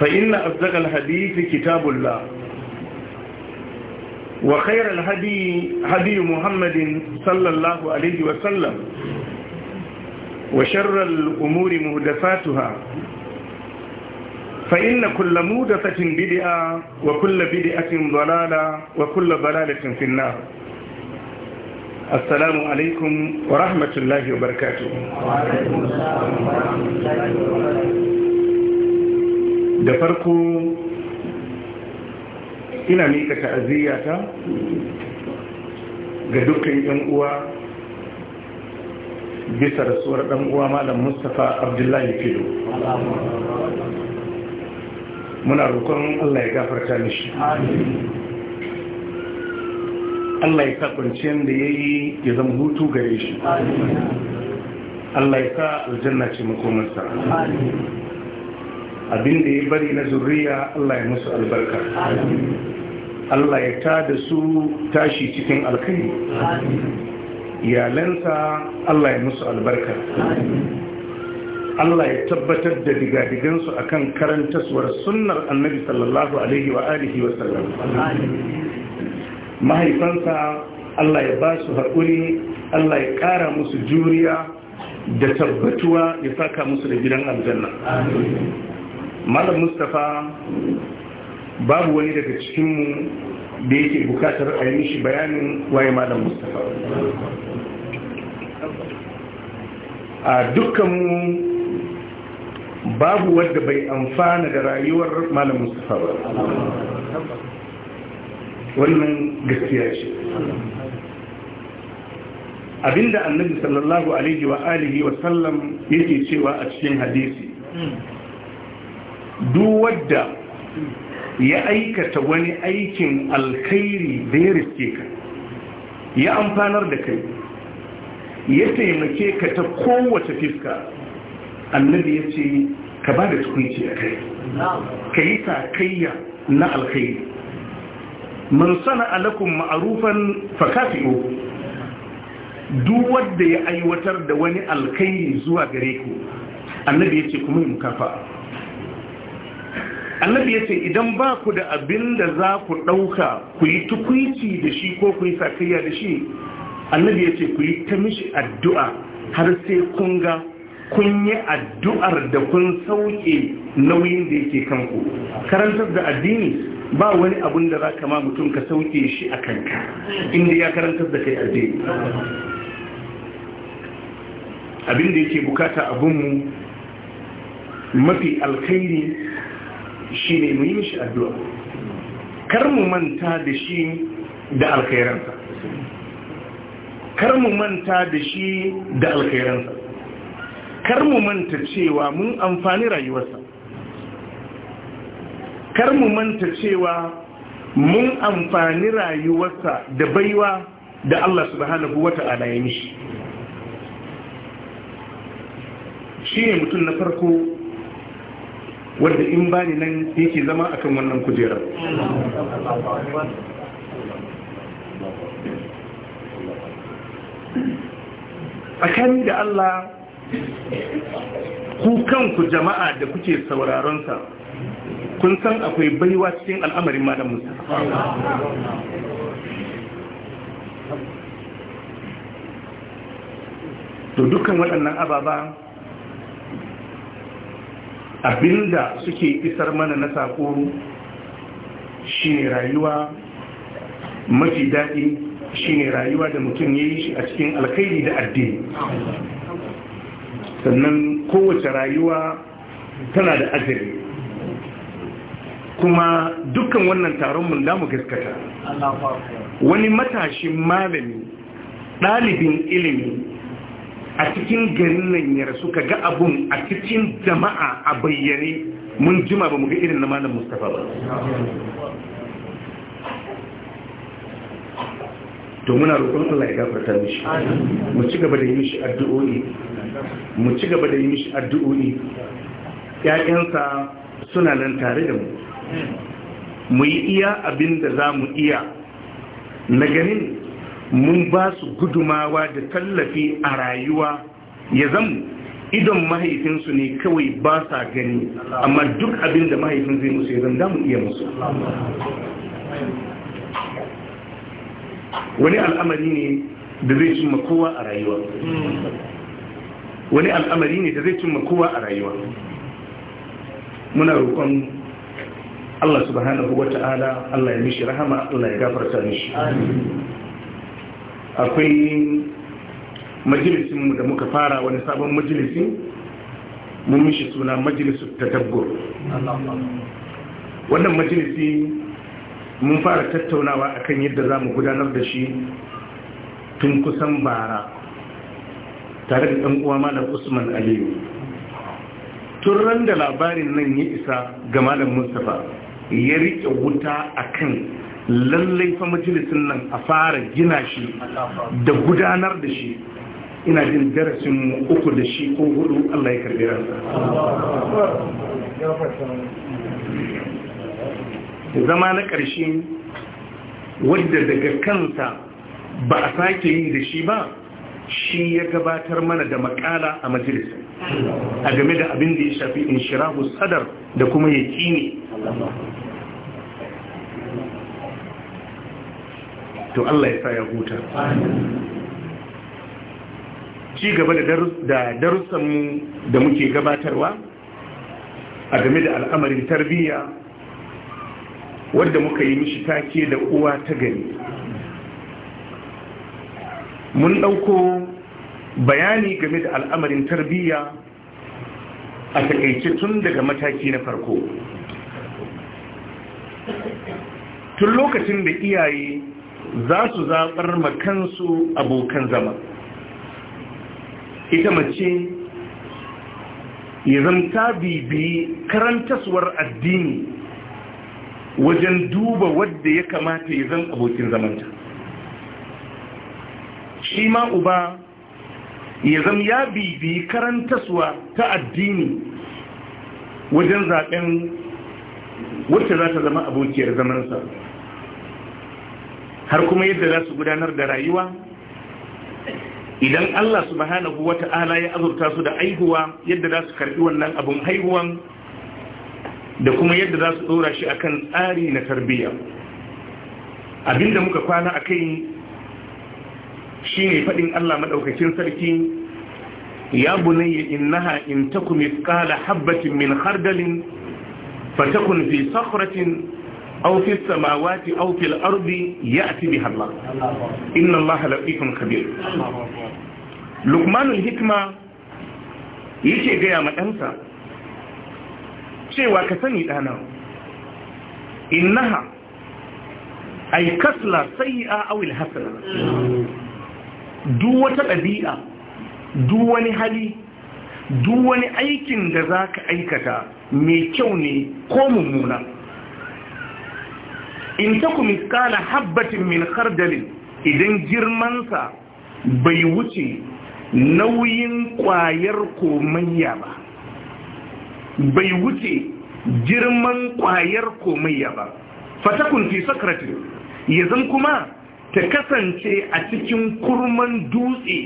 فإن أصدق الحديث كتاب الله وخير الهدي هدي محمد صلى الله عليه وسلم وشر الأمور مهدفاتها فإن كل مودفة بدئة وكل بدئة ضلالة وكل ضلالة في النار السلام عليكم ورحمة الله وبركاته وعليكم السلام ورحمة الله وبركاته da farko ina mika ta ga dukkan yan uwa bisa rasuwar ɗan uwa malam Mustapha Abdullahi filo muna rukon Allah ya gafarta mishi Allah ya sa kwanciyar da ya yi ya zama hutu gare shi Allah ya sa aljanna ce makomarsa abin da ya bari na zurriya Allah ya musu albarka Allah ya ta da su tashi cikin alkhairi iyalansa Allah ya musu albarka Allah ya tabbatar da digadigansu akan karantaswar sunnar annabi sallallahu alaihi wa alihi wa sallam mahaifansa Allah ya ba su haƙuri Allah ya ƙara musu juriya da tabbatuwa ya saka musu da gidan aljanna malam mustapha babu wani daga cikinmu da yake bukatar a yi mishi bayanin waye malam mustapha a dukkanmu babu wadda bai amfana da rayuwar malam mustapha ba wannan gaskiya ce abinda annabi sallallahu alaihi wa alihi wa sallam yake cewa a cikin hadisi duk wadda ya aikata wani aikin alkhairi da ya riske ka ya amfanar da kai ya taimake ka ta kowace fiska annabi ya ce ka ba da tukunci a kai ka yi takayya na alkhairi man sana alakun ma'arufan fakafi'o duk wadda ya aiwatar da wani alkhairi zuwa gare ku annabi ya ce kuma yi mukafa annabi ya ce idan ba ku da abin da za ku ɗauka ku yi tukwici da shi ko ku yi sakayya da shi annabi ya ce ku yi ta mishi addu'a har sai kun ga kun yi addu'ar da kun sauke nauyin da yake kanku karantar da addini ba wani abin da za ka ma mutum ka sauke shi a kanka inda ya karantar da kai addini abin da yake bukata abinmu mafi alkhairi shi ne mu yi mishi addu'a kar mu manta da shi da alkhairansa kar mu manta da shi da alkhairansa kar mu manta cewa mun amfani rayuwarsa kar mu manta cewa mun amfani rayuwarsa da baiwa da Allah subhanahu ta’ala ya mishi shi ne mutum na farko wanda in bani nan yake zama akan wannan kujerar A kani da Allah ku kanku jama'a da kuke sauraronsa kun san akwai baiwa cikin al'amarin malam musa to dukkan waɗannan ababa abinda suke isar mana na sako shine rayuwa mafi daɗi shine rayuwa da mutum ya yi shi a cikin alkhairi da addini sannan kowace rayuwa tana da ajali kuma dukkan wannan taron mun damu gaskata wani matashin malami ɗalibin ilimi a cikin garin nan ya rasu ka ga abun a cikin jama'a a bayyane mun jima ba mu ga irin na malam mustapha ba to muna roƙon Allah ya gafarta mishi mu ci gaba da yi mishi addu'o'i mu ci gaba da yi mishi addu'o'i ƴaƴansa suna nan tare da mu mu yi iya abin da za mu iya na ganin mun ba su gudumawa da tallafi a rayuwa ya zama idon mahaifinsu ne kawai ba sa gani amma duk abin da mahaifin zai musu ya zama mu iya musu wani al'amari ne da zai cimma kowa a rayuwa wani al'amari ne da zai cimma kowa a rayuwa muna roƙon Allah subhanahu wa ta'ala Allah ya mishi rahama Allah ya gafarta mishi akwai majalisinmu da muka fara wani sabon majalisi mun mishi suna majalisu ta dabbo wannan majalisi mun fara tattaunawa akan yadda za mu gudanar da shi tun kusan bara tare da ɗan uwa malam usman aliyu tun ran da labarin nan ya isa ga malam mustapha ya riƙe wuta akan lallai fa majalisin nan a fara gina shi da gudanar da shi ina jin darasin mu uku da shi ko hudu Allah ya karbi ransa zama na ƙarshe wadda daga kansa ba a sake yi da shi ba shi ya gabatar mana da makala a majalis a game da abin da ya shafi inshirahu sadar da kuma yaƙini to Allah ya sa ya huta ci gaba da darussanmu da muke gabatarwa a game da al'amarin tarbiyya wadda muka yi mishi take da uwa ta gani, mun ɗauko bayani game da al'amarin tarbiyya a takaice tun daga mataki na farko tun lokacin da iyaye za su zaɓar makansu abokan zama ita mace ya zamta bibi karantaswar addini wajen duba wadda ya kamata ya zan abokin zamanta shi ma uba ya zama ya bibi karantaswa ta addini wajen zaɓen wacce za ta zama abokiyar zamansa har kuma yadda za su gudanar da rayuwa idan Allah subhanahu wa ta'ala ya azurta su da aihuwa yadda za su karbi wannan abun haihuwan da kuma yadda za su dora shi akan tsari na tarbiyya abinda muka kwana a kai shine faɗin Allah maɗaukacin sarki ya bunayya innaha in takum mithqala habatin min khardalin fatakun fi sakhratin aw fi samawati aw fil ardi ya'ti biha Allah inna Allah latifun khabir Luqmanul hikma yake gaya ma ɗansa cewa ka sani ɗana innaha ay kasla sayyi'a aw al hasana duk wata ɗabi'a duk wani hali duk wani aikin da za ka aikata mai kyau ne ko mummuna in ku miskala habbatin min kardalin idan girmansa bai wuce nauyin kwayar komayya ba bai wuce girman kwayar komayya ba fatakun fi sakratin zan kuma ta kasance a cikin kurman dutse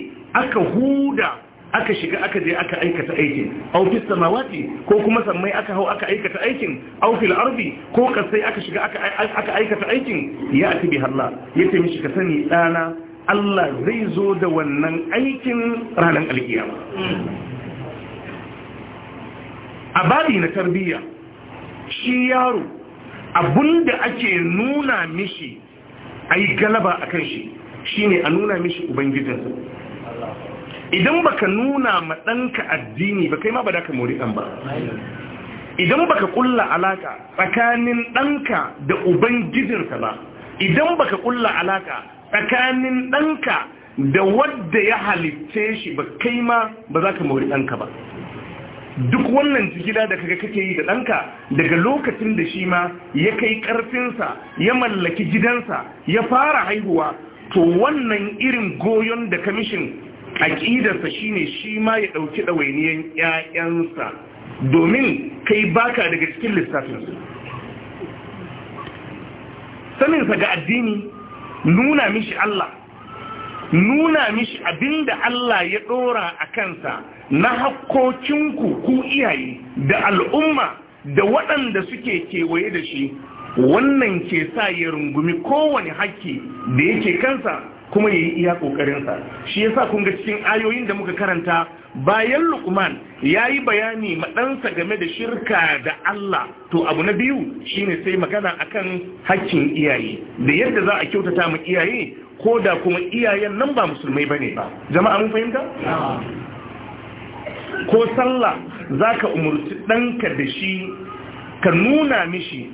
aka huda aka shiga aka je aka aikata aikin aw samawati ko kuma sammai aka hau aka aikata aikin aw fil ko kasai aka shiga aka aikata aikin ya atibi Allah yace mishi ka sani dana Allah zai zo da wannan aikin ranar alkiyama a bari na tarbiyya shi yaro abunda ake nuna mishi ai galaba akan shi shine a nuna mishi ubangijinsa idan baka nuna ma ɗanka addini ba kai ma ba da ka mori ɗan ba idan baka kulla alaƙa tsakanin ɗanka da ubangijinsa ba idan baka kulla alaka tsakanin ɗanka da wadda ya halitce shi ba kai ma ba za ka mori ɗanka ba duk wannan jigila da kaga kake yi da ɗanka daga lokacin da shi ma ya kai ƙarfinsa ya mallaki gidansa ya fara haihuwa to wannan irin goyon da kamishin aƙidarsa shine shi ma ya ɗauki ɗawainiyar ‘ya'yansa domin kai baka daga cikin lissafinsu saninsa ga addini nuna mishi Allah nuna mishi abinda Allah ya ɗora a kansa na hakkokinku ku iyaye da al'umma da waɗanda suke kewaye da shi wannan ke sa ya rungumi kowane hakki da yake kansa kuma ya yi iya ƙoƙarinsa shi yasa kun ga cikin ayoyin da muka karanta bayan lukman ya yi bayani maɗansa game da shirka da Allah to abu na biyu shine sai magana akan hakkin iyaye da yadda za a kyautata mu iyaye ko da kuma iyayen nan ba musulmai bane ba jama'a mun fahimta ko sallah zaka umurci ɗanka da shi ka nuna mishi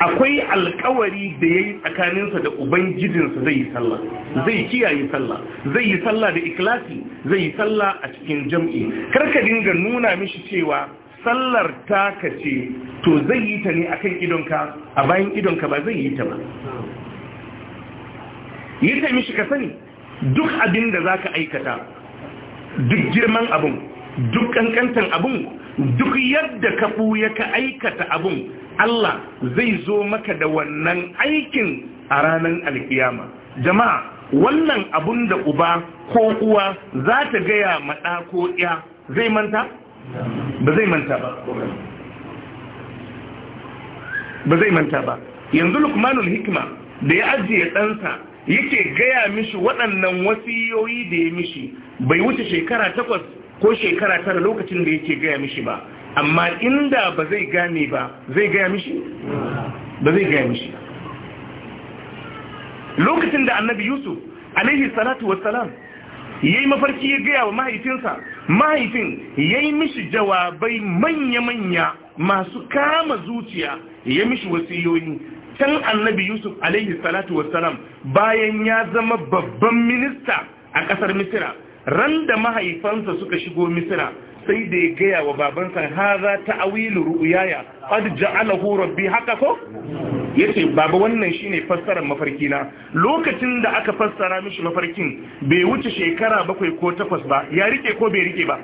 akwai alkawari da ya yi tsakaninsa da ubangijinsa zai yi sallah zai kiyaye sallah zai yi sallah da ikilasi zai yi sallah a cikin jam'i karka dinga nuna mishi cewa sallar taka ce to zai yi ta ne akan idonka a bayan idonka ba zai yi ta ba yi ta mishi ka sani duk abin da za ka aikata duk girman abin duk kankantan abin duk yadda ka buya ka aikata abun. Allah zai zo maka da wannan aikin a ranar alkiyama jama'a wannan abun da uba ko uwa za ta gaya maɗa ko ya zai manta? ba zai manta ba ba zai manta ba yanzu lukmanul hikima da ya ajiye ɗansa yake gaya mishi waɗannan wasiyoyi da ya mishi bai wuce shekara takwas ko shekara tara lokacin da yake gaya mishi ba amma inda ba zai gane ba zai gaya mishi ba zai gaya mishi lokacin da annabi yusuf alaihi salatu wassalam ya yi mafarki ya gaya wa mahaifinsa mahaifin ya yi mishi jawabai manya-manya masu kama zuciya ya mishi wasiyoyi can annabi yusuf alaihi salatu wassalam bayan ya zama babban minista a kasar misira randa da mahaifansa suka shigo misira sai da ya gaya wa babansa haza ta'awilu ruuyaya qad ja'alahu rabbi haka ko yace baba wannan shine fassarar mafarki na lokacin da aka fassara mishi mafarkin bai wuce shekara bakwai ko takwas ba ya rike ko bai rike ba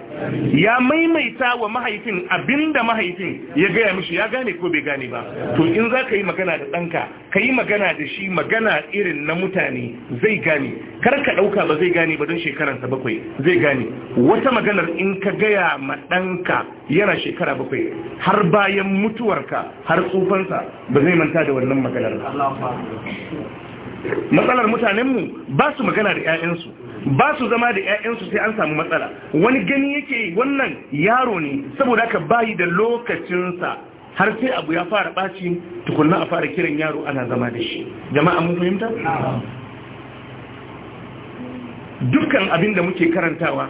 ya maimaita wa mahaifin abinda mahaifin ya gaya mishi ya gane ko bai gane ba to in za ka yi magana da ɗanka ka yi magana da shi magana irin na mutane zai gane kar ka ɗauka ba zai gane ba don shekaransa bakwai zai gane wata maganar in ka gaya ma ɗanka yana shekara bakwai har bayan mutuwarka har tsufansa ba zai manta da wannan maganar matsalar mutanenmu ba su magana da 'ya'yansu ba su zama da 'ya'yansu sai an samu matsala wani gani yake wannan yaro ne saboda ka bayi da lokacinsa har sai abu ya fara ɓaci tukunna a fara kiran yaro ana zama da shi jama'a mun fahimta? dukkan abin da muke karantawa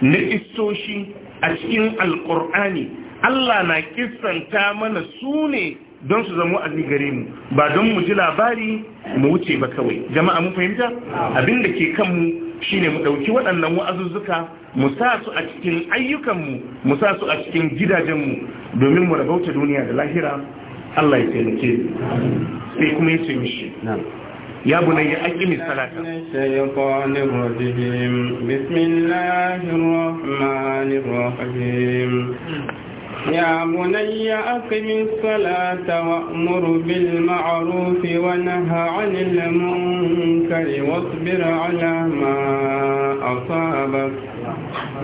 na istoshi a cikin alkur'ani Allah na kissanta mana su don su zamo azi gare mu ba don mu ji labari mu wuce ba kawai jama'a mu fahimta abin da ke kanmu shine mu ɗauki waɗannan wa'azuzzuka mu sa su a cikin ayyukanmu mu sa su a cikin gidajenmu domin mu rabauta duniya da lahira Allah ya taimake sai kuma ya ce mishi ya bunai ya الصلاة mai salata يا بني أقم الصلاة وأمر بالمعروف ونهى عن المنكر واصبر على ما أصابك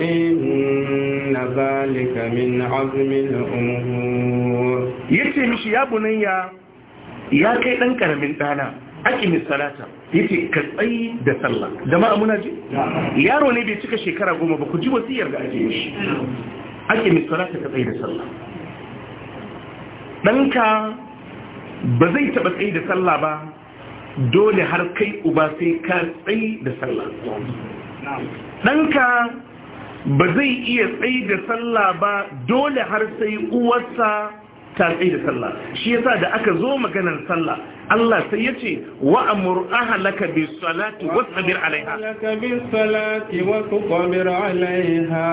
إن ذلك من عزم الأمور yace mishi ya bunayya ya kai ɗan ƙaramin ɗana aqimis salata yace ka tsayi da sallah jama'a muna ji yaro ne bai cika shekara goma ba ku ji wasiyar da ake mishi ake misalata ta tsaye da sallah ɗanka ba zai taɓa tsaye da sallah ba dole har kai uba sai ka tsaye da sallah ɗanka ba zai iya tsaye da sallah ba dole har sai uwarsa ta tsaye da sallah shi yasa da aka zo maganar sallah Allah sai ya ce wa amur ahlaka bis salati wasbir alaiha ahlaka bis salati wa tuqbir alaiha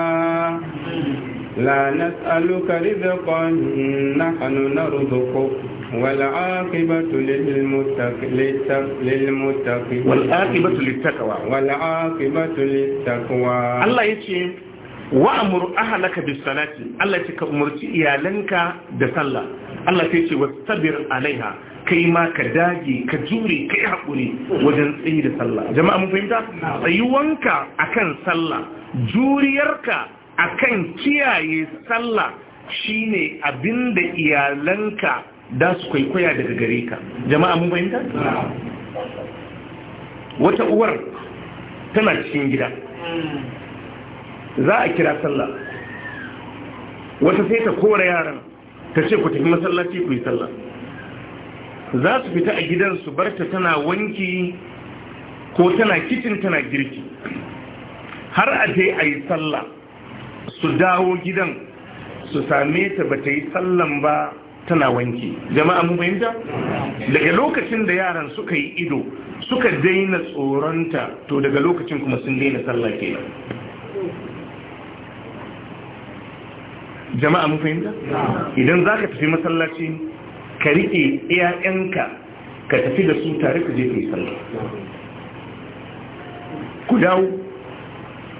لا نسألك رزقا نحن نرزقك والعاقبة للمتقين والعاقبة للتقوى والعاقبة للتقوى الله يتي وأمر أهلك بالصلاة الله يتي كأمرت إيالنك بصلاة الله يتي واستبر عليها kai ma ka dage ka jure ka yi haƙuri wajen tsayi da sallah jama'a mun fahimta tsayuwanka akan sallah juriyarka akan kiyaye sallah shine da iyalanka da su kwaikwaya daga gare ka jama'a mun fahimta wata uwar tana cikin gida za a kira sallah wata sai ta kora yaran ta ce ku tafi masallaci ku yi sallah za su fita a gidan su barta tana wanki ko tana kicin tana girki har a je a yi sallah su dawo gidan su same ta ba ta yi sallan ba tana wanki jama'a mu fahimta daga lokacin da yaran suka yi ido suka daina tsoronta to daga lokacin kuma sun daina sallah kenan jama'a mu fahimta idan za ka tafi masallaci ka riƙe 'ya'yanka ka tafi da su tare ka je ka yi sallah ku dawo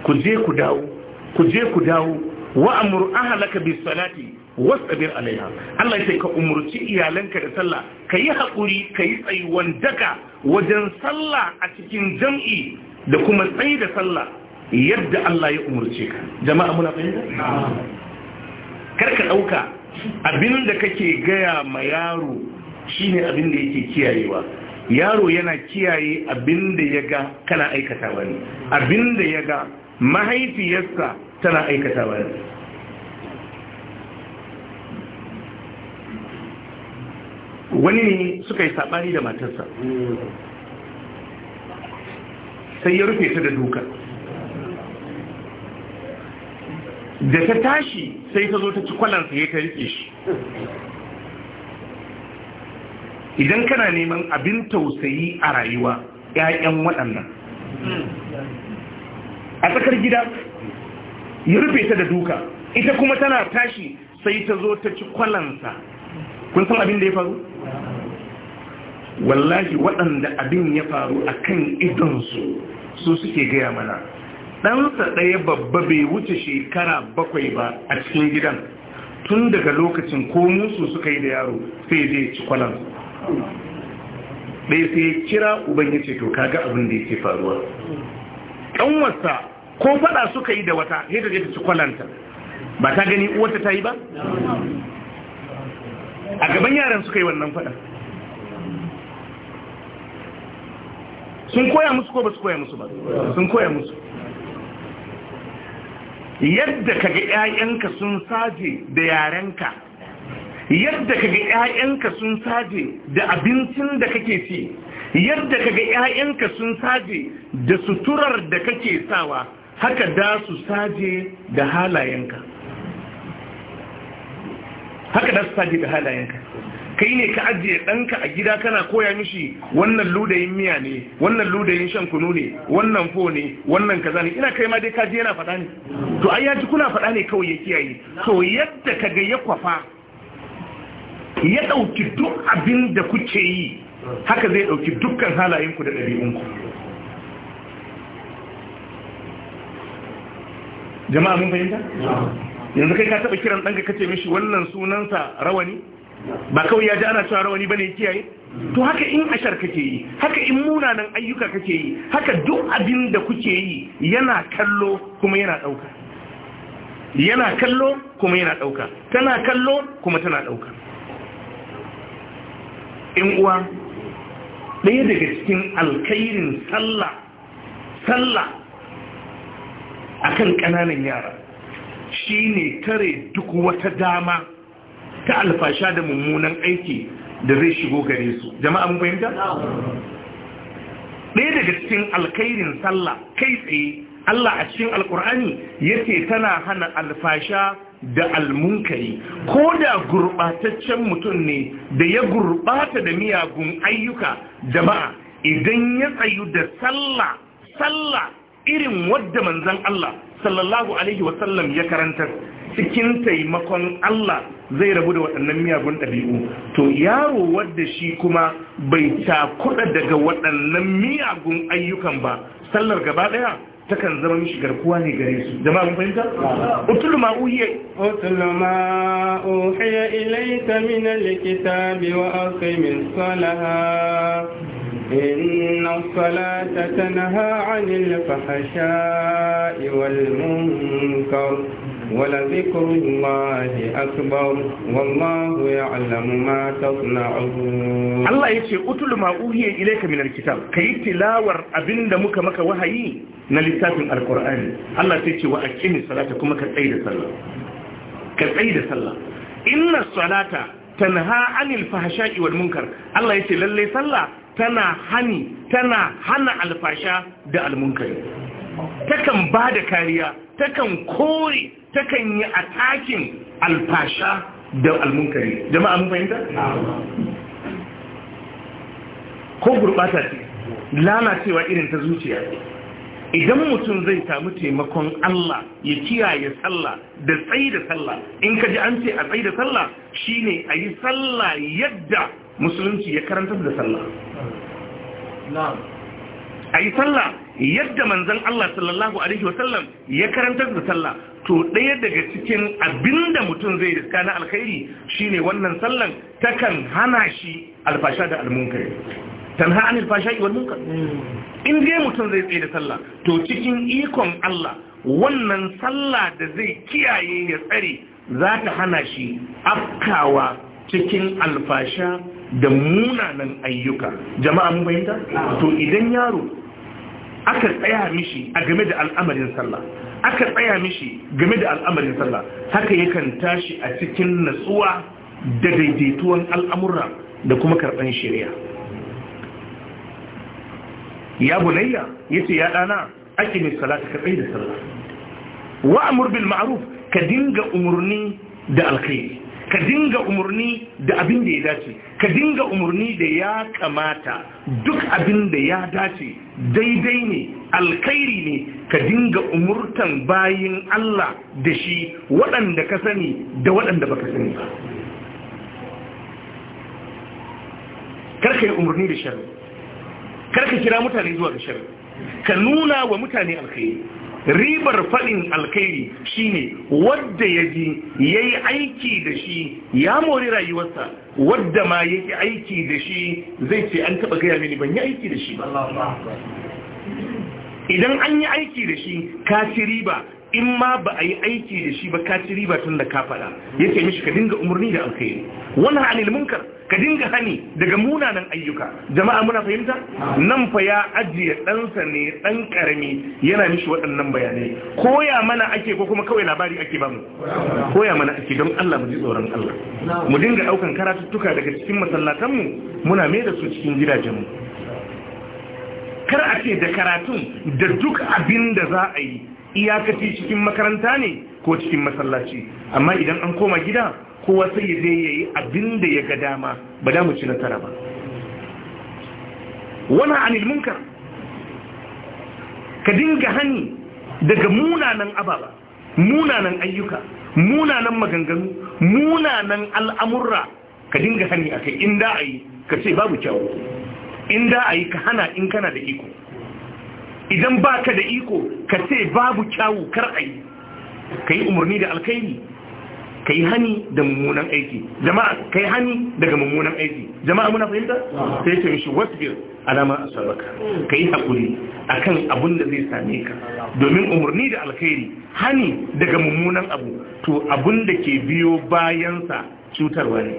ku je ku dawo ku je ku dawo wa amur ahlaka bi salati wasbir alaiha Allah sai ka umurci iyalanka da sallah kayi hakuri kayi tsayuwan daka wajen sallah a cikin jam'i da kuma tsayi da sallah yadda Allah ya umurce ka jama'a muna fahimta kar ka dauka abin da kake gaya ma yaro shine abin da yake kiyayewa yaro yana kiyaye abin da ya kana aikata wani abin da ya ga mahaifiyarsa tana aikatawa yanzu wani ne suka yi saɓani da matarsa sai ya rufe ta da duka da ta tashi sai ta zo ta ci kwalansa ya ta rike shi idan kana neman abin tausayi a rayuwa 'ya'yan waɗannan a tsakar gida ya rufe ta da duka ita kuma tana tashi sai ta zo ta ci kwalansa kun san abin da ya faru wallahi waɗanda abin ya faru a kan idonsu su suke gaya mana ɗansa ɗaya babba bai wuce shekara bakwai ba a cikin gidan tun daga lokacin ko musu suka yi da yaro sai zai ci kwalansa ɗaya sai kira uban ya ce to kaga abin da yake faruwa ƙanwarsa ko faɗa suka yi da wata sai ta ta ci kwalanta ba ta gani uwarta ta yi ba a gaban yaran suka yi wannan faɗa sun koya musu ko ba su koya musu ba sun koya musu yadda ka ga 'ya'yanka sun saje da yarenka yadda ka ga 'ya'yanka sun saje da abincin da kake ci yadda kaga 'ya'yanka sun saje da suturar da kake sawa haka da su saje da halayenka haka da su saje da halayenka kai ne ka ajiye ɗanka a gida kana koya mishi wannan ludayin miya ne wannan ludayin shan kunu ne wannan fo ne wannan kaza ne ina kai ma dai kaji yana faɗa ne to ai ya ji kuna faɗa ne kawai ya kiyaye to yadda kaga ya kwafa ya ɗauki duk abin da kuke yi haka zai ɗauki dukkan halayenku da ɗabi'unku jama'a mun fahimta? yanzu kai ka taɓa kiran ɗanka kace mishi wannan sunansa rawani ba kawai ya ji ana cewa rawani bane kiyaye to haka in ashar kake yi haka in munanan ayyuka kake yi haka duk abin da kuke yi yana kallo kuma yana ɗauka yana kallo kuma yana ɗauka tana kallo kuma tana ɗauka in uwa ɗaya daga cikin alkairin sallah sallah akan ƙananan yara shine tare duk wata dama ta alfasha da mummunan aiki da zai shigo gare su jama'a mun ɗaya daga cikin alkairin sallah kai tsaye Allah a cikin alkur'ani yake tana hana alfasha da almunkari ko da gurɓataccen mutum ne da ya gurɓata da miyagun ayyuka da ba idan ya tsayu da sallah sallah irin wadda manzan Allah sallallahu alaihi wasallam ya karanta, cikin taimakon Allah zai rabu da waɗannan miyagun ɗabi'u to yaro wadda shi kuma bai takuɗa daga waɗannan miyagun ayyukan ba sallar gaba ɗaya takan zama mishi garkuwa ne gare su jama'a mun fahimta utul ma uhiya utul ma uhiya ilayka min alkitabi wa aqimis salaha inna as-salata tanha 'anil fahsha'i wal munkar ولذكر الله أكبر والله يعلم ما تصنعون الله يتي أتل ما أوهي إليك من الكتاب كي تلاور أبن دمك مك وهي نلتاف القرآن الله يتي وأكين صلاتكم كالأيد صلى كالأيد صلى إن الصلاة تنهى عن الفحشاء والمنكر الله يتي للي صلى تنا هني تنا هنا الفحشاء دا المنكر تكن بعد كاريا takan kore takan yi atakin alfasha da almunkari jama'a mun fahimta ko gurbata ce lalacewa irin ta zuciya idan mutum zai samu taimakon Allah ya kiyaye sallah da tsayi da sallah in ka ji an ce a tsayi da sallah shine a yi sallah yadda musulunci ya karantar da sallah a yi sallah yadda manzan Allah sallallahu Alaihi wasallam ya karantar da sallah to ɗaya daga cikin abinda mutum zai riska na alkhairi shine wannan sallan takan hana shi alfasha da almunkari tanha an alfasha iwal munkar hmm. in dai mutum zai tsaye da sallah to cikin ikon Allah wannan sallah da zai kiyaye ya tsare za ta hana shi afkawa cikin alfasha da munanan ayyuka jama'a mun bayyanta to idan yaro aka tsaya mishi a game da al'amarin sallah aka tsaya mishi game da al'amarin sallah haka yakan tashi a cikin natsuwa da daidaituwan al'amura da kuma karɓan shari'a ya bunayya yace ya dana aqimi salata ka tsaya da sallah wa amur bil ma'ruf ka dinga umurni da alkhairi ka dinga umarni da abin da ya dace ka dinga umarni da ya kamata duk abin da ya dace daidai ne alkhairi ne ka dinga umurtan bayin Allah da shi waɗanda ka sani da waɗanda baka sani ba karka yi umarni da shari'a karka kira mutane zuwa da shari'a ka nuna wa mutane alkhairi ribar faɗin alkhairi shine wadda ya ji ya yi aiki da shi ya mori rayuwarsa wadda ma ya aiki da shi zai ce an taɓa gaya mini ban yi aiki da shi ba idan an yi aiki da shi ka ci riba in ma ba a yi aiki da shi ba ka ci riba tun da ka faɗa yake mishi ka dinga umarni da alkhairi wannan anil munkar ka dinga hani daga munanan ayyuka jama'a muna fahimta nan fa ya ajiye ɗansa ne ɗan ƙarami yana mishi waɗannan bayanai koya mana ake ko kuma kawai labari ake ba mu koya mana ake don Allah mu ji tsoron Allah mu dinga ɗaukan karatuttuka daga cikin masallatanmu muna mai da su cikin gidajenmu kar a ce da karatun da duk abin da za a yi iyakaci cikin makaranta ne ko cikin masallaci amma idan an koma gida kowa sai ya zai yayi abin da ya ga dama ba da ci nasara ba wana anil munkar ka dinga hani daga munanan ababa munanan ayyuka munanan maganganu munanan al'amurra ka dinga hani akai in da yi ka ce babu kyau inda da ayi ka hana in kana da iko idan ba ka da iko ka ce babu kyawu kar a yi ka yi umarni da alkhairi ka yi hani da mummunan aiki jama'a ka yi hani daga mummunan aiki jama'a muna fahimta sai ce mishi wasbir alama asabaka ka yi hakuri kan abun da zai same ka domin umarni da alkhairi hani daga mummunan abu to abun da ke biyo bayansa cutarwa ne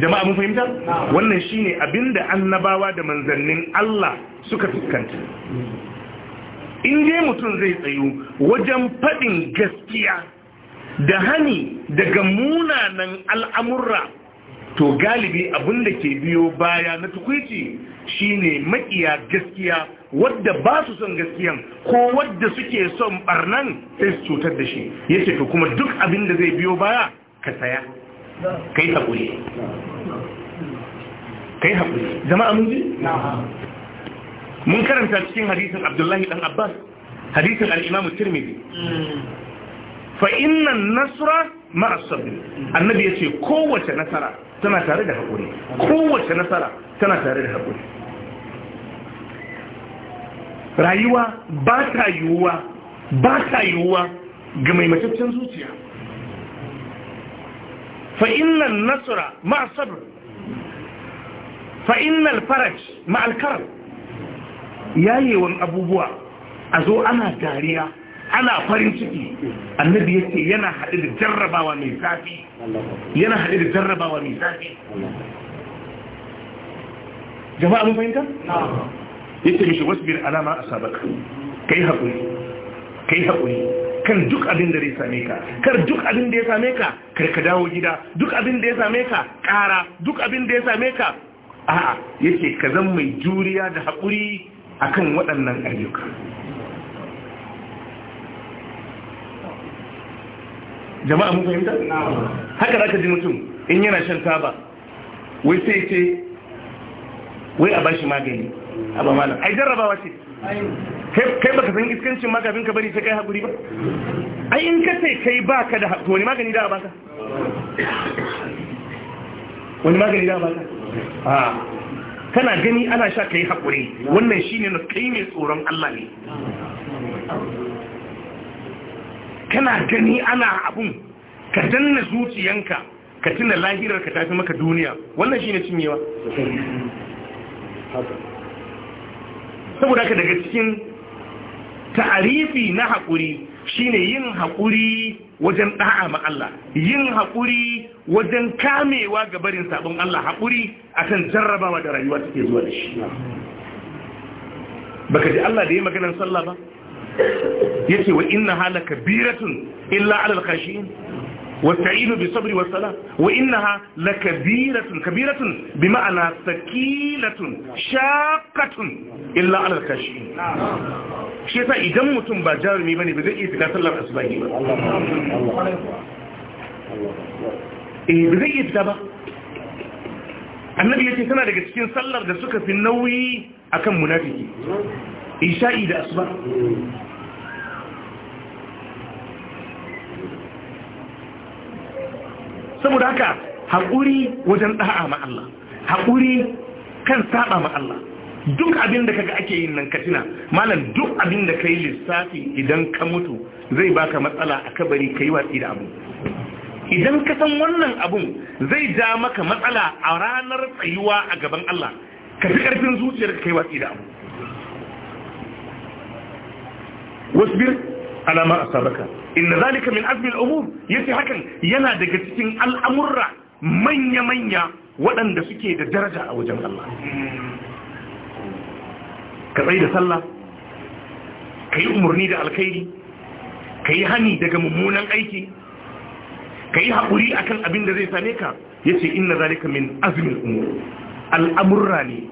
jama'a mun fahimta wannan shine abinda annabawa da manzannin Allah suka fuskanta in je mutum zai tsayu wajen faɗin gaskiya da hani daga munanan al'amurra to galibi abin ke biyo baya na tukwici shine makiya gaskiya wadda ba su son gaskiyan ko wadda suke son barnan sai su cutar da shi yace to kuma duk abinda zai biyo baya ka saya kai haƙuri kai haƙuri jama'a mun ji mun karanta cikin hadisin abdullahi dan abbas hadisin al-imamu tirmidhi fa inna nasra ma'a sabr annabi yace kowace nasara tana tare da haƙuri kowace nasara tana tare da haƙuri rayuwa ba ta yiwuwa ba ta yiwuwa ga mai mataccen zuciya فإن النصر مع الصبر فإن الفرج مع الكرم ياي وان أبوبوا أزو أنا جارية أنا فرنسكي النبي يتي ينا حدد جربا وميزافي ينا حدد جربا وميزافي جماعة مفهمتا؟ نعم يتي مش واسبر على ما أصابك كي هقولي كي هقولي kan duk abin da zai same ka kar duk abin da ya same ka kar ka dawo gida duk abin da ya same ka ƙara duk abin da ya same ka a'a yake ka zan mai juriya da haƙuri kan waɗannan ayyuka jama'a mun fahimta haka zaka ji mutum in yana shan taba wai sai ce wai a bashi magani a ba malam ai jarrabawa ce kai baka san iskancin ma kafin ka bari sai kai hakuri ba ai in ka sai kai baka da hakuri magani da baka wani magani da baka a kana gani ana sha kai hakuri wannan shine na kai mai tsoron Allah ne kana gani ana abun ka danna zuciyanka ka tuna lahirar ka tafi maka duniya wannan shine cinyewa saboda ka daga cikin ta'arifi na haƙuri shine yin haƙuri wajen ɗa'a ma Allah yin haƙuri wajen kamewa ga barin sabon Allah haƙuri akan jarrabawa da rayuwa take zuwa da shi baka ji Allah da yi maganar sallah ba yace wa inna halaka biratun illa alal khashin واستعينوا بالصبر والصلاة وإنها لكبيرة كبيرة بمعنى ثقيلة شاقة إلا على الكاشفين shi yasa idan mutum ba jarumi bane ba zai iya fita sallar asubahi ba eh ba zai iya fita ba annabi yace tana daga cikin sallar da suka fi nauyi akan munafiki isha'i da asuba saboda haka haƙuri wajen ɗa'a ma Allah haƙuri kan saba ma Allah duk abin da kaga ake yin nan katina malam duk abin da kai lissafi idan ka mutu zai baka matsala a kabari kai watsi da abu idan ka san wannan abun zai ja maka matsala a ranar tsayuwa a gaban Allah ka fi karfin zuciyar ka kai watsi da abu wasbir alama asabaka inna zalika min azmi al-umur yace hakan yana daga cikin al'amurra manya-manya waɗanda suke da daraja a wajen Allah ka tsaye da sallah ka yi umarni da alkhairi ka yi hani daga mummunan aiki ka yi haƙuri a kan abin da zai same ka ya ce inna zalika min azumin umar al'amurra ne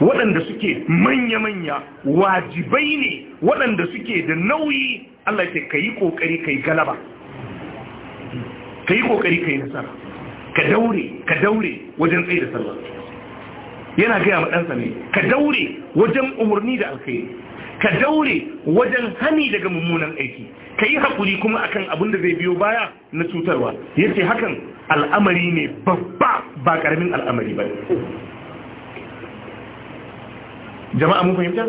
waɗanda suke manya-manya wajibai ne waɗanda suke da nauyi Allah ce ka yi ƙoƙari ka yi galaba ka yi ƙoƙari ka yi nasara ka daure ka daure wajen tsaye da sallah yana gaya ma ɗansa ne ka daure wajen umarni da alkhairi ka daure wajen hani daga mummunan aiki ka yi haƙuri kuma akan abin da zai biyo baya na cutarwa ya ce hakan al'amari ne babba ba ƙaramin al'amari ba jama'a mun fahimta?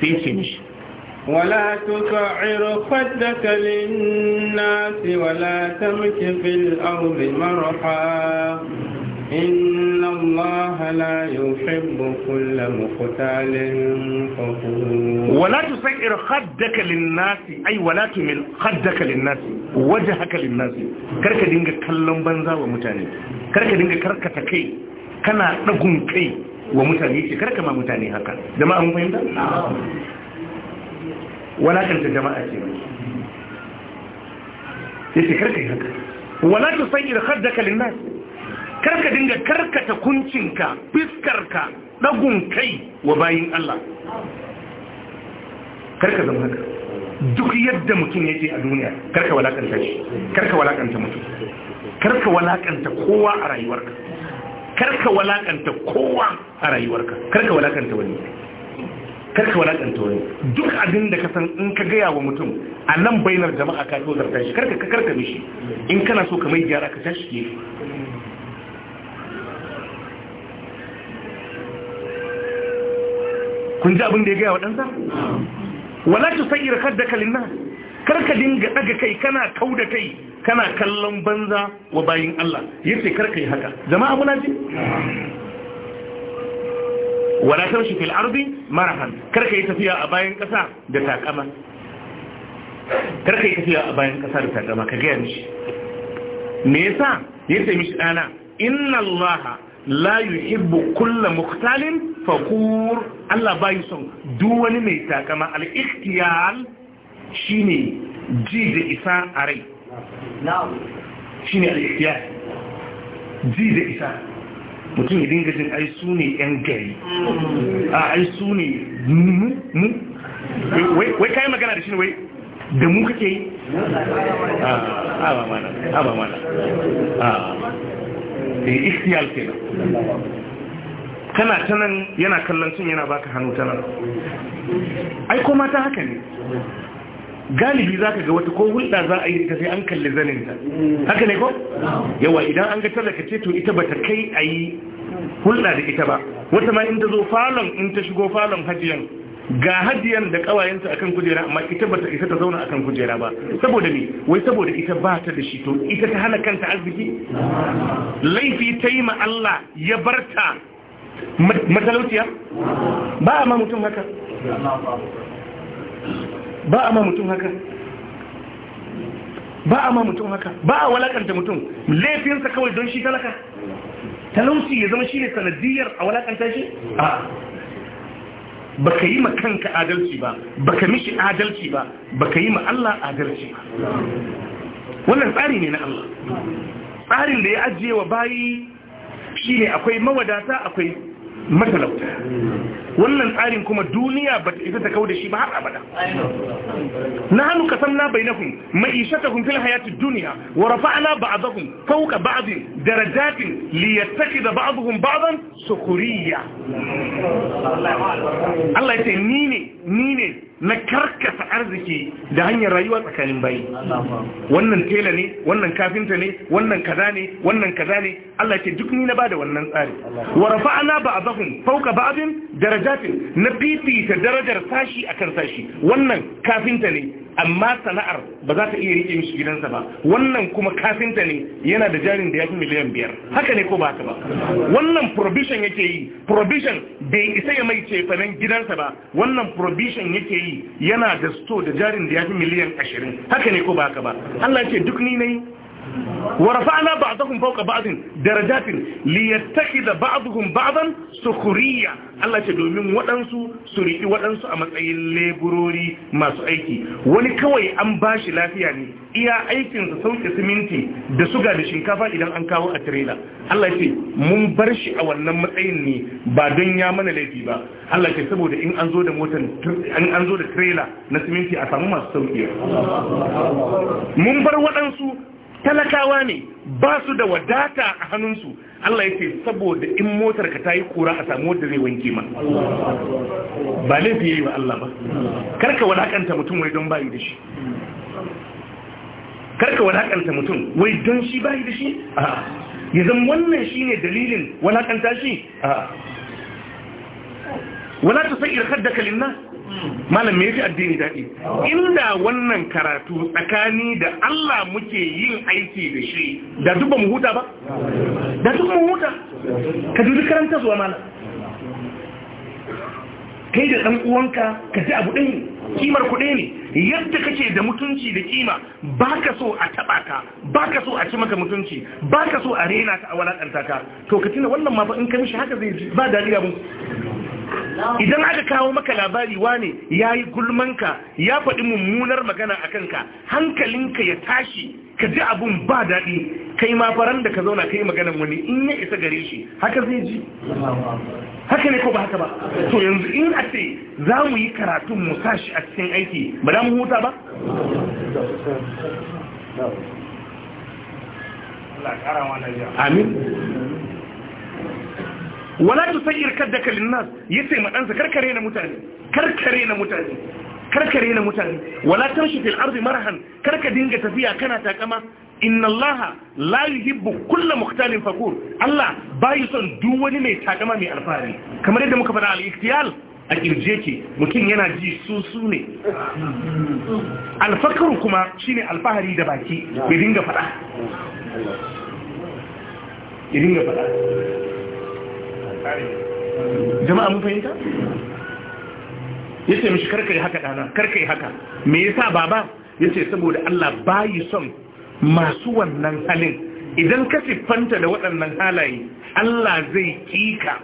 sai ce mishi ولا تسعر خدك للناس ولا تمك في الأرض مرحا إن الله لا يحب كل مختال فخور ولا تسعر خدك للناس أي ولا تمل خدك للناس وجهك للناس كركا دينك كلم بنزا ومتاني كركا دينك كركا تكي كنا نقوم كي ومتاني كركا ما متاني هكا جماعة مفهمة؟ ولا كنت جماعة يتكركي هكا ولا تسعر خدك للناس karka dinga karkata kuncinka fiskarka ɗagun kai wa bayin Allah karka zama haka duk yadda mutum yake a duniya karka walakanta shi karka walakanta mutum karka walakanta kowa a rayuwarka karka walakanta kowa a rayuwarka karka walakanta wani karka walakanta wani duk abin da ka san in ka gaya wa mutum a nan bainar jama'a ka tozarta shi karka ka karka mishi in kana so ka mai gyara ka tashi gefe kun ji abin da ya gaya wa ɗansa wala ta sai sa'ir haddaka linnas karka dinga ɗaga kai kana kau da kai kana kallon banza wa bayin Allah Ya yace karka yi haka jama'a muna ji wala tamshi fil ardi marahan karka yi tafiya a bayan kasa da takama karka yi tafiya a bayan ƙasa da takama ka gaya mishi me yasa yace mishi ɗana? inna allaha la yuhibbu kulla muktalin fakur Allah bai son duk wani mai takama al-ikhtiyal shine ji da isa a rai shine al-ikhtiyal ji da isa mutum idan gajin ai su ne yan gari a ai su ne mu wai kayan magana da shi ne wai da mu kake yi a ah, ah, ba mana a ah, ba mana a da ya ke nan kana ta nan yana kallon sun yana baka hannu ta nan ai kuma ta haka ne galibi za ka ga wata ko hulɗa za a yi ta sai an kalli zaninta haka ne ko? yawa idan an ga talaka ce to ita ba ta kai a yi hulɗa da ita ba wata ma in ta zo falon in ta shigo falon hajiyan ga hadiyar da kawayenta akan kujera amma ita ba ta isa ta zauna akan kujera ba saboda ne wai saboda ita ba ta da shi to ita ta hana kanta arziki laifi ta yi ma Allah ya ta. matalautiya ba a ma mutum haka ba a ma mutum haka ba a ma mutum haka ba a walakanta mutum laifinsa kawai don shi talaka talauci ya zama shi ne sanadiyar a walakanta shi baka yi ma kanka adalci ba baka mishi adalci ba baka yi ma Allah adalci ba wannan tsari ne na Allah tsarin da ya ajiye wa bayi shine akwai mawadata akwai matalauta wannan tsarin kuma duniya ba ta isa ta kau da shi ba har abada na hannu ka san na bai na kun ma'ishata kun fil hayatun duniya wa rafa'ana ba'adahum fawqa ba'din darajatin li yattakhidha ba'dhum ba'dan sukuriya Allah ya ce ni ne ni ne na karkasa arziki da hanyar rayuwa tsakanin bayi wannan tela ne wannan kafinta ne wannan kaza ne wannan kaza ne Allah ke duk ni na bada wannan tsari wa rafa'ana ba'dahum fawqa ba'din darajatin na fifita darajar sashi akan sashi wannan kafinta ne amma sana'ar ba za ta iya riƙe mishi gidansa ba wannan kuma kafinta ne yana da jarin da ya fi miliyan biyar haka ne ko ba haka ba wannan provision yake yi provision bai isa ya mai cefanen gidansa ba wannan provision yake yi yana da sto da jarin da ya fi miliyan ashirin haka ne ko ba haka ba Allah ce duk ni ne ورفعنا بعضهم فوق بعض درجات ليتخذ بعضهم بعضا سخرية الله تدومين ودنسو سريئي ودنسو أما أي ليبروري ما سأيكي ولكوي أنباش لا فياني إيا أيكين سوك سمينتي دسوغا دشنكافا إذا أنكاو أتريلا الله يتي منبرش أو النمر أيني بعدين يامن ليتي با الله يتي سبو إن أنزو دا موتن إن أنزو دا تريلا نسمينتي أسامو ما سوكي منبر ودنسو talakawa ne ba su da wadata a hannunsu Allah ya ce saboda in motar ka ta yi kura a samu wadda zai wanke ma ba laifi ya yi wa Allah ba karka wadakanta mutum wai don bayi da shi karka wadakanta mutum wai don shi bayi da shi ya zan wannan shi ne dalilin wadakanta shi wala ta sai irkar da kalinna malam me yafi addini daɗi inda wannan karatu tsakani da Allah muke yin aiki da shi da duk ba mu huta ba da duk mu huta ka duk karanta zuwa malam kai da ɗan uwanka ka ji abu ɗaya kimar kuɗe ne yadda kake da mutunci da kima ba ka so a taɓa ka ba ka so a ci maka mutunci ba ka so a rena ka a walakanta ka to ka tuna wannan ma ba in ka mishi haka zai ba daɗi abin idan aka kawo maka labari wane ya yi gulmanka ya faɗi mummunar magana a kanka hankalinka ya tashi ka ji abun ba daɗi kai ma faran da ka zauna ka yi maganan wani in ya isa gare shi haka zai ji haka ne ko ba haka ba to yanzu in a ce za mu yi karatun mu shi a cikin aiki ba da mu huta ba amin wala tusayyir kaddaka linnas yace ya dan sa karkare na mutane karkare na mutane karkare na mutane wala tarshi fil ardi marahan karka dinga tafiya kana takama inna allaha la yuhibbu kulla muhtalin fakur allah bai son duk wani mai takama mai alfahari kamar yadda muka faɗa al-iktiyal a kirje ki, mutum yana ji su su ne alfakaru kuma shine alfahari da baki ya dinga faɗa ya dinga faɗa jama'a mun fahimta yace mishi karka yi haka dana karka yi haka me yasa baba yace saboda Allah bayi son masu wannan halin idan ka siffanta da waɗannan halaye Allah zai kika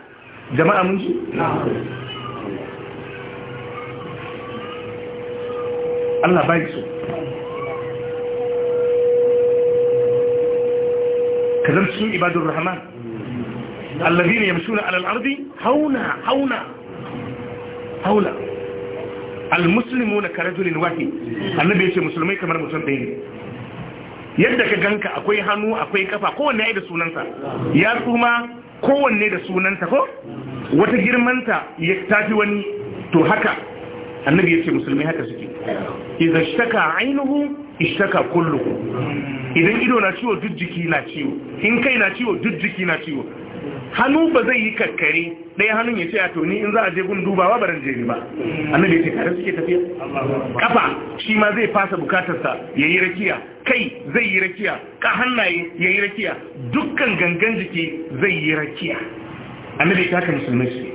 jama'a mun ji Allah bayi so kazan cikin ibadun rahman allazina yamshuna alal ardi hauna hauna haula almuslimuna karajulin wahid annabi yace musulmai kamar mutum ɗaya ne yadda ka ganka akwai hannu akwai kafa kowanne ya da sunansa ya tsuma kowanne da sunansa ko wata girmanta ya tafi wani to haka annabi ya ce musulmai haka suke idan shaka ainihu ishaka kulluhu idan ido na ciwo duk jiki na ciwo in kai na ciwo duk jiki na ciwo hannu ba zai yi kakkare ɗaya hannun ya ce a toni in za a je gun dubawa baran je ni ba annabi ya ce tare suke tafiya kafa shi ma zai fasa bukatarsa ya yi rakiya kai zai yi rakiya ka hannaye ya yi rakiya dukkan gangan jiki zai yi rakiya annabi ta haka musulmai shi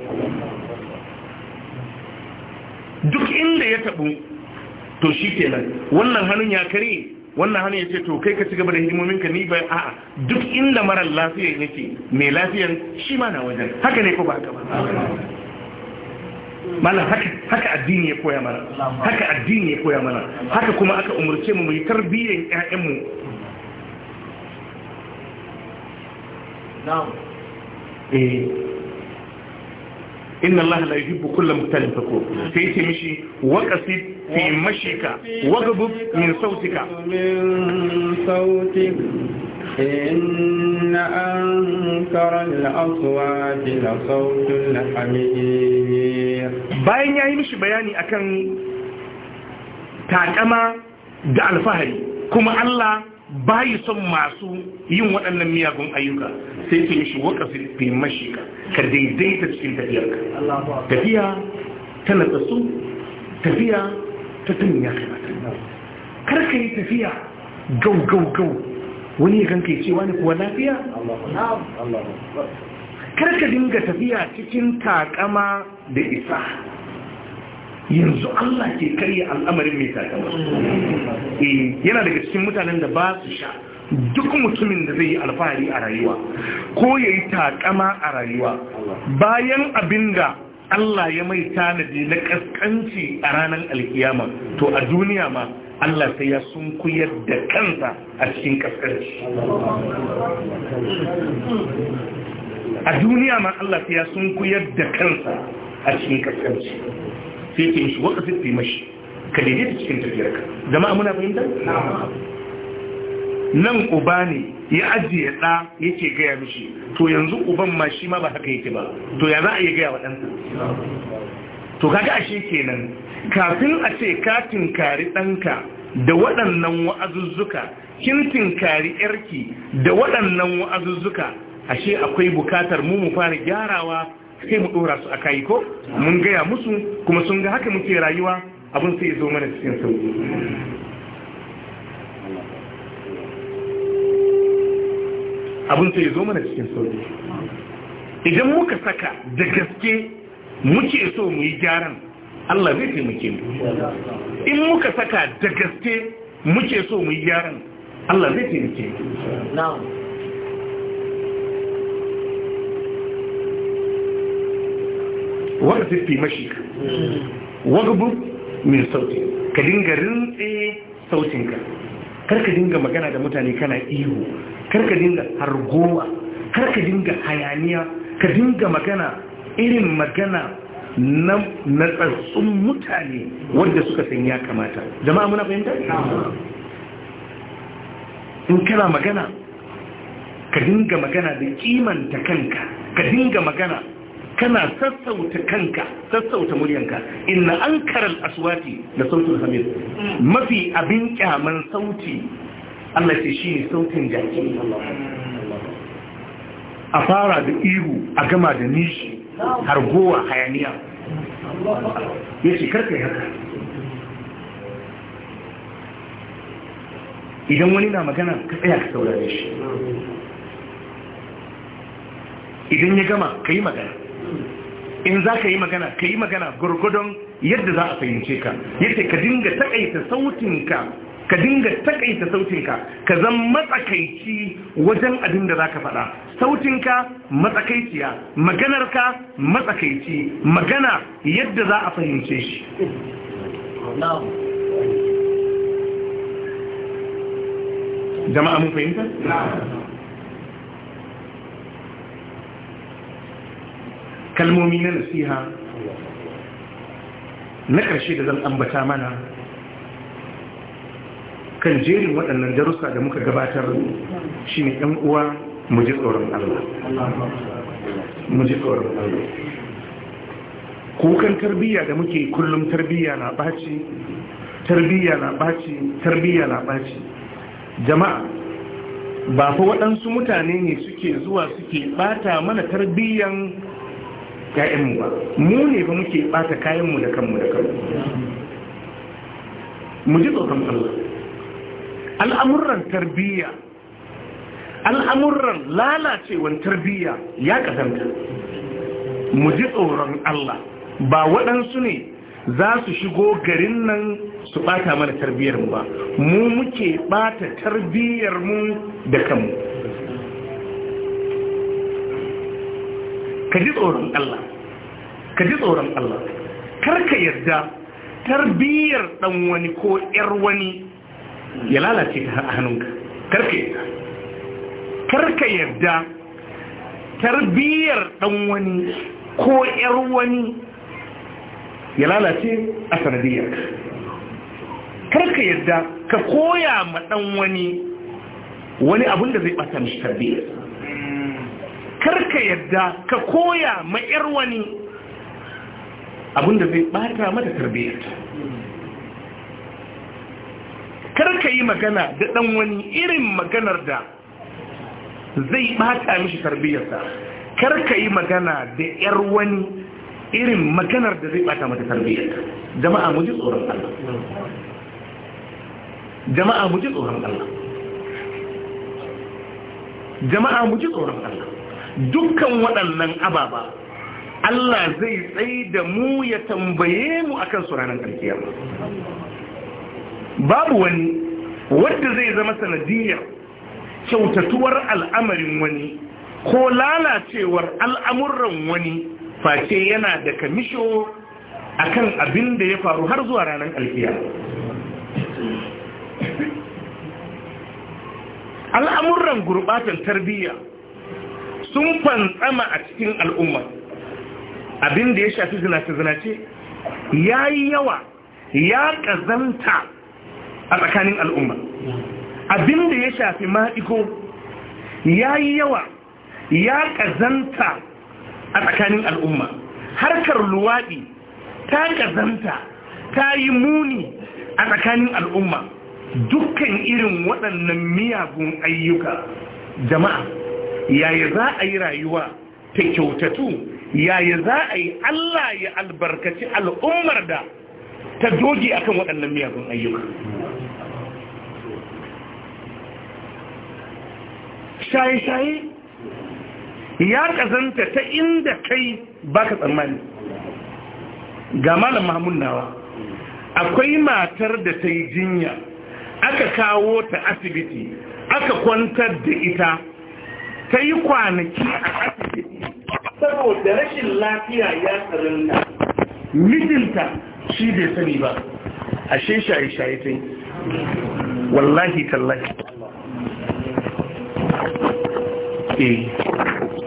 duk inda ya taɓu to shi kenan wannan hannun ya kare wannan hannun ya ce to kai ka ci gaba da hidimominka ni bai a'a duk inda mara ya yake mai lafiyan shi ma na wajen haka ne ko ba ka ba haka addini ya koya mana haka addini ya koya mana haka kuma aka umarce mu mai tarbiyyar ƴaƴanmu eh inna Allah la yuhibbu kulla mutalin fakur sai yace mishi wa qasid fi mashika wa ghadub min sautika إن أنكر الأصوات لصوت الحمير باين يا mishi bayani akan takama da alfahari kuma Allah bayi son masu yin waɗannan miyagun ayyuka sai ke mishi waka fi mashi ka daidaita cikin tafiyarka tafiya ta natsasu tafiya ta tun ya kamata kar ka yi tafiya gau gau gau wani ya kanka cewa wani kuwa lafiya kar ka dinga tafiya cikin takama da isa yanzu Allah ke karya al'amarin mai takawa eh, yana daga cikin mutanen da ba su sha duk mutumin da zai yi alfahari a rayuwa ko ya yi takama a rayuwa bayan abin da Allah ya mai tanadi na kaskanci a ranar alkiyama to a duniya ma Allah sai ya sunkuyar da kansa a cikin kaskanci a duniya ma Allah sai ya kuyar da kansa a cikin kaskanci sai ce mishi waka sai mashi ka daidai ta cikin tafiyarka zama muna fahimta nan uba ne ya ajiye ɗa yake gaya mishi to yanzu uban ma shi ma ba haka yake ba to ya za a yi gaya wa ɗansa to kaga ashe kenan kafin a ce ka tinkari ɗanka da waɗannan wa'azuzzuka kin tinkari yarki da waɗannan wa'azuzzuka ashe akwai bukatar mu mu fara gyarawa sai mu dora su akai ko mun gaya musu kuma sun ga haka muke rayuwa abin sai zo mana cikin sauki abin sai zo mana cikin sauki idan muka saka da gaske muke so mu yi gyaran Allah zai taimake mu in muka saka da gaske muke so mu yi gyaran Allah zai taimake mu warfi fi mashi wagbu min sauti ka dinga rintse sautinka karka dinga magana da mutane kana ihu karka dinga hargowa karka dinga hayaniya ka dinga magana irin magana na matsatsun mutane wadda suka san ya kamata jama'a muna fahimta? in kana magana ka dinga magana da kimanta kanka ka dinga magana kana sassauta kanka sassauta muryanka inna ankaral aswati da sautin hamid mafi abin kyaman sauti Allah ce shi ne sautin jaki a fara da ihu a gama da nishi har gowa hayaniya ya ce karka yi haka idan wani na magana ka tsaya ka saurare shi idan ya gama ka yi magana in za ka yi magana ka yi magana gurgudun yadda za a fahimce ka yace ka dinga takaita sautinka ka dinga takaita sautinka ka zan matsakaici wajen abin da za ka faɗa sautinka matsakaiciya maganarka matsakaici magana yadda za a fahimce shi jama'a mun fahimta? kalmomi na nasiha na ƙarshe da zan ambata mana kan jerin waɗannan darussa da muka gabatar shi ne ɗan uwa mu ji tsoron Allah mu ji tsoron Allah kukan tarbiyya da muke kullum tarbiyya na ɓaci tarbiyya na ɓaci tarbiyya na ɓaci jama'a ba fa waɗansu mutane ne suke zuwa suke ɓata mana tarbiyyan ƴaƴanmu ba mu ne ba muke ɓata kayanmu da kanmu da kanmu mu ji tsoron Allah al'amuran tarbiyya al'amuran lalacewan tarbiyya ya ƙazanta mu ji tsoron Allah ba waɗansu ne za su shigo garin nan su ɓata mana mu ba mu muke ɓata mu da kanmu ka ji tsoron Allah ka ji tsoron Allah kar ka yarda tarbiyyar dan wani ko yar wani ya lalace ta a hannunka yadda. yarda ka yarda tarbiyyar dan wani ko yar wani ya lalace a sanadiyar ka yarda ka koya ma dan wani wani abin da zai bata mishi tarbiyyar karka yadda ka koya ma yar wani abinda zai bata mata tarbiyyarta karka yi magana da dan wani irin maganar da zai bata mishi tarbiyyarsa karka yi magana da yar wani irin maganar da zai bata mata tarbiyyarta jama'a mu ji tsoron Allah jama'a mu ji tsoron Allah jama'a mu ji tsoron Allah dukkan waɗannan ababa Allah zai tsaye da mu ya tambaye mu akan su ranar ƙarfiya babu wani wadda zai zama sanadiyar kyautatuwar al'amarin wani ko lalacewar al'amuran wani face yana da kamisho akan abin da ya faru har zuwa ranar alfiya al'amuran gurbatan tarbiyya sun fantsama a cikin al'umma abin da ya shafi zinace-zinace ya yi yawa ya ƙazanta a tsakanin al'umma abin da ya shafi ma'iko ya yi yawa ya ƙazanta a tsakanin al'umma harkar luwaɗi ta ƙazanta ta yi muni a tsakanin al'umma dukkan irin waɗannan miyagun ayyuka jama'a yaya za a yi rayuwa ta kyautatu yaya za a yi Allah ya albarkaci al'ummar da ta doge akan waɗannan miyagun ayyuka shaye-shaye ya ƙazanta ta inda kai baka tsammani ga malam mahamun nawa akwai matar da ta yi jinya aka kawo ta asibiti aka kwantar da ita ta yi kwanaki a asibiti saboda rashin lafiya ya tsarinna mijinta shi bai sani ba ashe shaye-shaye ta yi wallahi tallahi e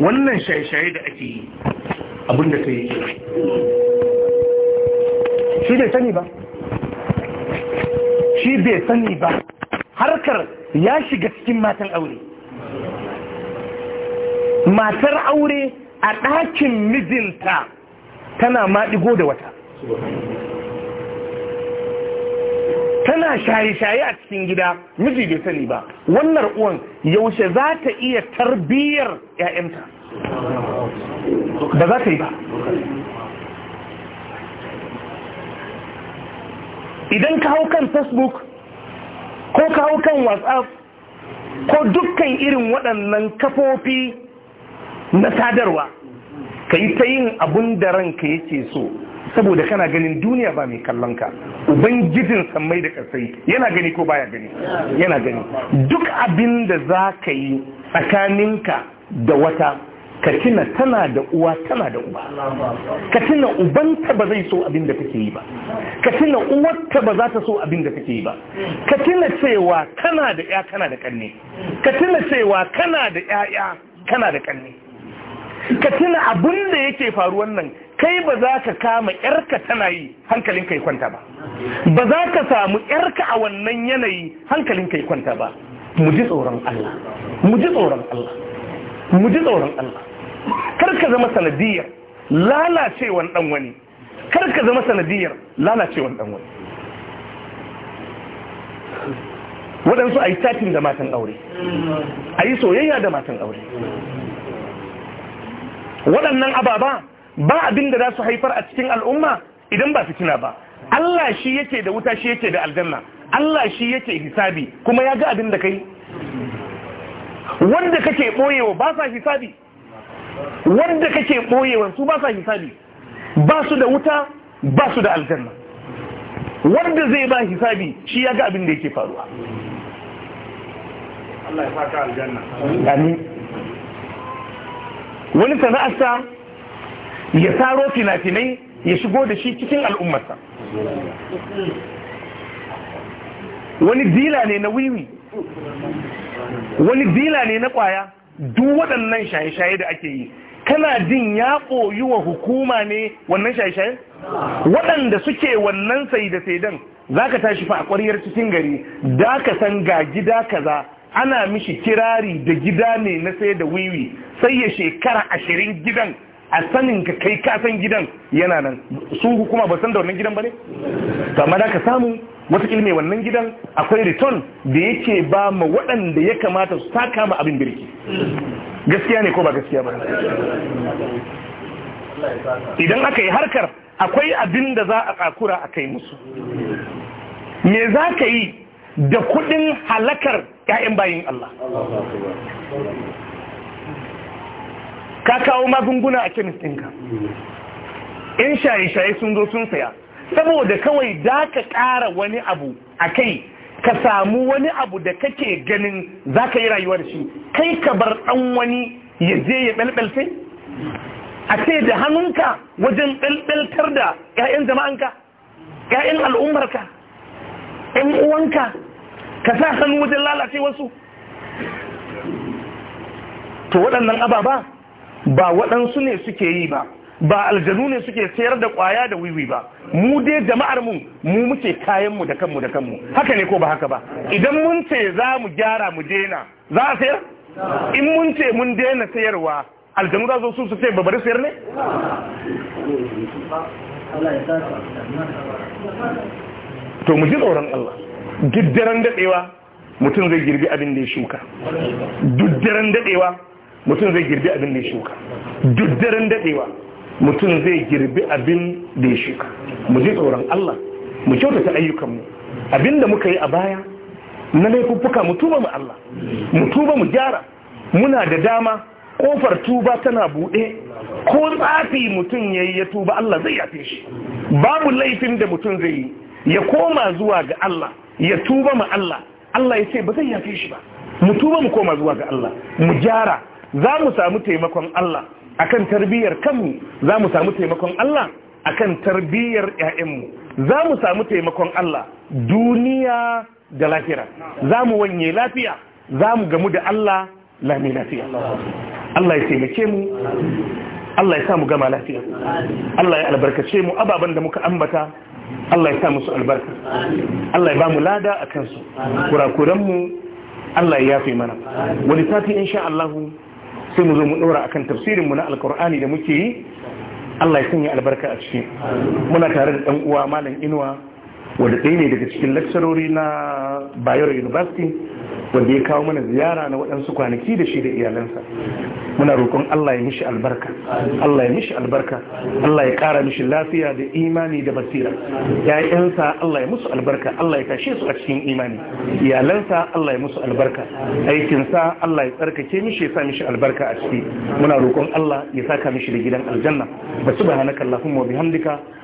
wannan shaye-shaye da ake yi abinda ta yi shi bai sani ba shi bai sani ba harkar ya shiga cikin matan aure matar aure a ɗakin mijinta tana maɗigo da wata tana shaye-shaye a cikin gida miji bai sani ba wannan uwan yaushe za ta iya tarbiyyar 'ya'yanta ba za ta yi ba idan ka hau kan facebook ko ka hau kan whatsapp ko dukkan irin waɗannan kafofi na sadarwa ka yi ta yin abun da ranka yake so saboda kana ganin duniya ba mai kallon ka ubangijin sammai da kasai yana gani ko baya gani yana gani duk abin da za ka yi tsakaninka da wata ka tuna tana da uwa tana da uba ka tuna ubanta ba zai so abin da kake yi ba ka tuna uwarta ba za ta so abin da kake yi ba ka tuna cewa kana da ya kana da kanne ka tuna cewa kana da ya'ya kana da kanne ka tuna abin da yake faruwan nan kai ba za ka kama yarka tana yi hankalin kai kwanta ba ba za ka samu yarka a wannan yanayi hankalin kai kwanta ba mu ji tsoron Allah mu ji tsoron Allah mu ji tsoron Allah kar ka zama sanadiyar lalacewan dan wani kar ka zama sanadiyar lalacewan dan wani waɗansu a yi tatin da matan aure a yi soyayya da matan aure waɗannan ababa ba abin da za su haifar a cikin al'umma idan ba fitina ba Allah shi yake da wuta shi yake da aljanna Allah shi yake hisabi kuma ya ga abin da kai wanda kake boyewa ba sa hisabi wanda kake boyewa su ba sa hisabi ba su da wuta ba su da aljanna wanda zai ba hisabi shi ya ga abin da yake faruwa Allah ya faka aljanna amin wani sana'arsa ya saro finafinai ya shigo da shi cikin al'ummarsa wani dila ne na wiwi wani dila ne na kwaya duk waɗannan shaye-shaye da ake yi kana jin ya koyi wa hukuma ne wannan shaye-shaye waɗanda suke wannan sai da saidan za ka tashi fa a ƙwariyar cikin gari da ka san ga gida kaza ana mishi kirari da gida ne na sai da wiwi sai ya shekara ashirin gidan a sanin ka kai kasan gidan yana nan su hukuma ba san da wannan gidan ba ne? kamar da ka samu wata ilme wannan gidan akwai return da yake ba ma waɗanda ya kamata su taka ma abin birki gaskiya ne ko ba gaskiya ba idan aka yi harkar akwai abin da za a kakura a kai musu me za ka yi da kuɗin halakar ƴaƴan bayin Allah ka kawo magunguna a kemis ɗinka in shaye-shaye sun zo sun saya saboda kawai za ka ƙara wani abu a kai ka samu wani abu da kake ganin za ka yi rayuwa shi kai ka bar ɗan wani ya je ya ɓalɓalce a ce da hannunka wajen ɓalɓaltar da 'ya'yan jama'anka 'ya'yan al'ummarka 'yan uwanka ka sa hannu wajen lalace wasu to waɗannan ababa ba waɗansu ne suke yi ba ba aljanu ne suke sayar da ƙwaya da wiwi ba mu dai jama'ar mu mu muke kayanmu mu da kanmu da kanmu haka ne ko ba haka ba idan mun ce za mu gyara mu dena za a sayar in mun ce mun dena sayarwa aljanu za zo su su ce bari sayar ne to mu ji tsoron Allah duk daren daɗewa mutum zai girbi abin da ya shuka duk daren daɗewa mutum zai girbi abin da ya shuka duk daren daɗewa mutum zai girbi abin da ya shuka mu ji tsoron Allah mu kyautata ayyukanmu abin da muka yi a baya na laifuffuka mu tuba mu Allah mu tuba mu gyara muna da dama kofar tuba tana buɗe ko tsafi mutum ya yi ya tuba Allah zai yafe shi babu laifin da mutum zai yi ya koma zuwa ga Allah ya tuba ma Allah Allah ya ce ba zai yafe shi ba mu tuba mu koma zuwa ga Allah mu gyara za mu samu taimakon Allah akan tarbiyyar kanmu za mu samu taimakon Allah akan tarbiyyar ƴaƴanmu za mu samu taimakon Allah duniya da lafiya za mu wanye lafiya za mu gamu da Allah lami lafiya Allah ya taimake mu Allah ya sa mu gama lafiya Allah ya albarkace mu ababen da muka ambata Allah ya sa musu albarka Allah ya ba mu lada a kansu kurakuranmu Allah ya yafe mana wani sati sha Allah sai mu zo mu ɗora akan tafsirinmu na alkur'ani da muke yi Allah ya sanya albarka a ciki muna tare da ɗan uwa malam inuwa wanda ɗaya ne daga cikin lakcarori na bayero university wanda ya kawo mana ziyara na waɗansu kwanaki da shi da iyalansa muna roƙon allah ya mishi albarka allah ya mishi albarka allah ya ƙara mishi lafiya da imani da basira ya'yansa allah ya musu albarka allah ya tashe su a cikin imani iyalansa allah ya musu albarka aikinsa allah ya tsarkake mishi ya sa mishi albarka a ciki muna roƙon allah ya saka mishi da gidan aljanna basu subhanakallahumma wa bihamdika